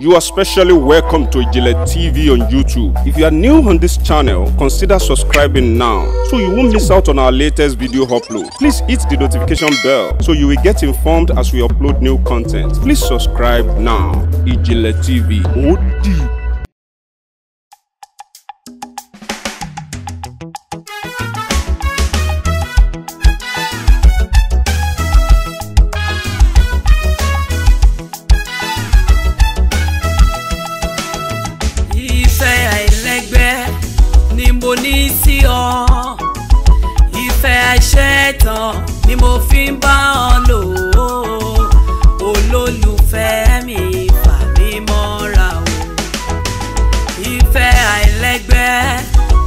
You are specially welcome to Ijile TV on YouTube. If you are new on this channel, consider subscribing now so you won't miss out on our latest video upload. Please hit the notification bell so you will get informed as we upload new content. Please subscribe now. Ijile TV. Oh, dear. mo ní sí ọ ìfẹ́ àìṣẹ̀tàn ni mo fi ń bá ọ lò ó olólùfẹ́ mi fà mí mọ́ra o ìfẹ́ àìlẹ́gbẹ́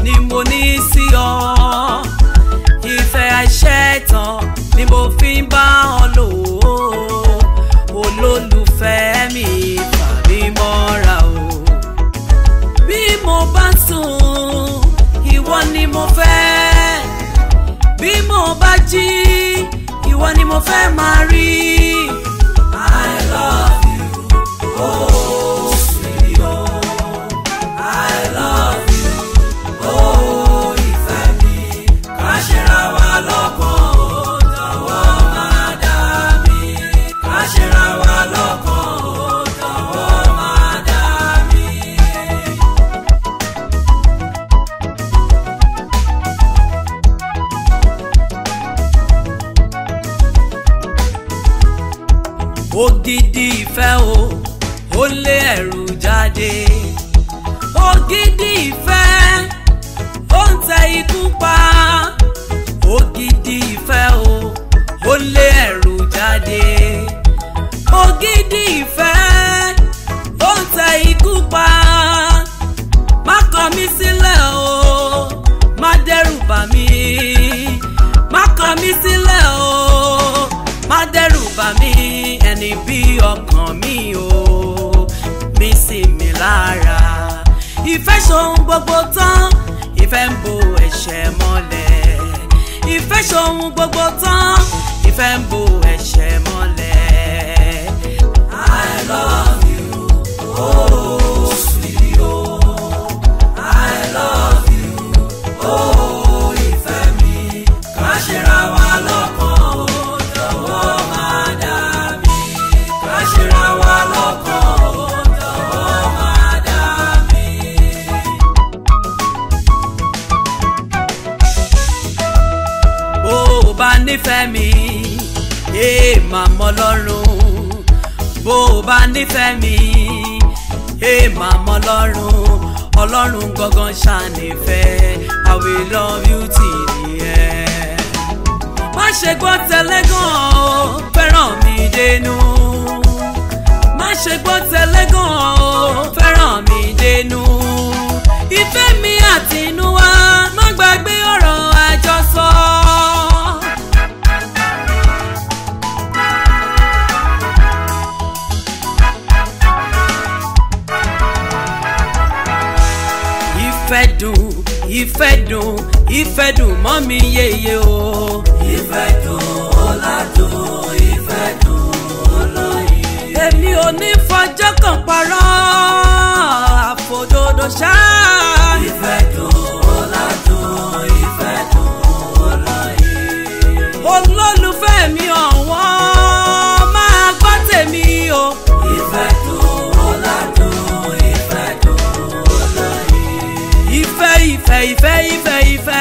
ni mo ní sí ọ ìfẹ́ àìṣẹ̀tàn ni mo fi ń bá ọ lò ó. fẹ́ my. ògidì ìfẹ́ o ó lé ẹ̀rù jáde ògidì ìfẹ́ ó ń tẹ ikú pa ògidì ìfẹ́ o ó lé ẹ̀rù jáde ògidì ìfẹ́. ìfẹ́ ṣohun gbogbo tán ìfẹ́ ń bo ẹ̀ṣẹ̀ mọ́lẹ̀ ìfẹ́ ṣohun gbogbo tán ìfẹ́ ń bo ẹ̀ṣẹ̀ mọ́lẹ̀. bá nífẹ̀ẹ́ mi ee eh, màmá ọlọ́run bó o bá nífẹ̀ẹ́ mi ee eh, màmá ọlọ́run ọlọ́run gangan ṣànífẹ́ i will love you till the end. má ṣe gbọ́ tẹ́lẹ́gàn o fẹ́ràn mi dénú má ṣe gbọ́ tẹ́lẹ́gàn o fẹ́ràn mi. ìfẹ́ dùn ìfẹ́ dùn mọ́ mi yeye o. ìfẹ́ dùn ó ládùn ìfẹ́ dùn ó lóyìn. èmi ò ní fọjọ́ kan parọ́ àfòdodo ṣáá. ìfẹ́ dùn. fey, fey, fey.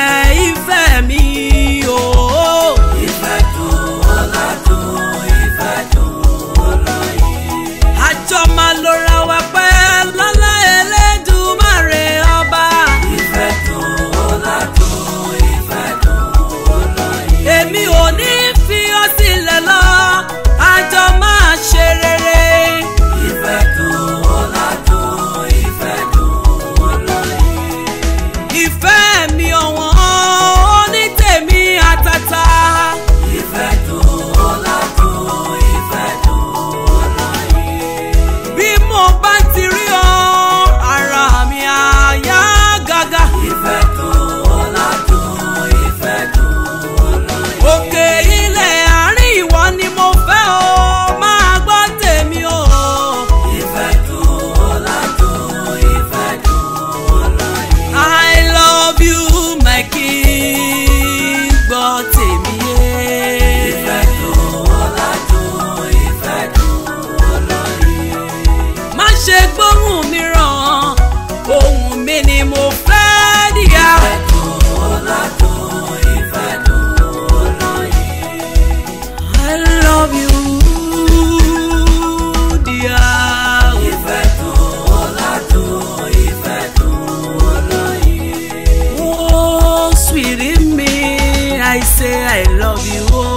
I say I love you. Oh.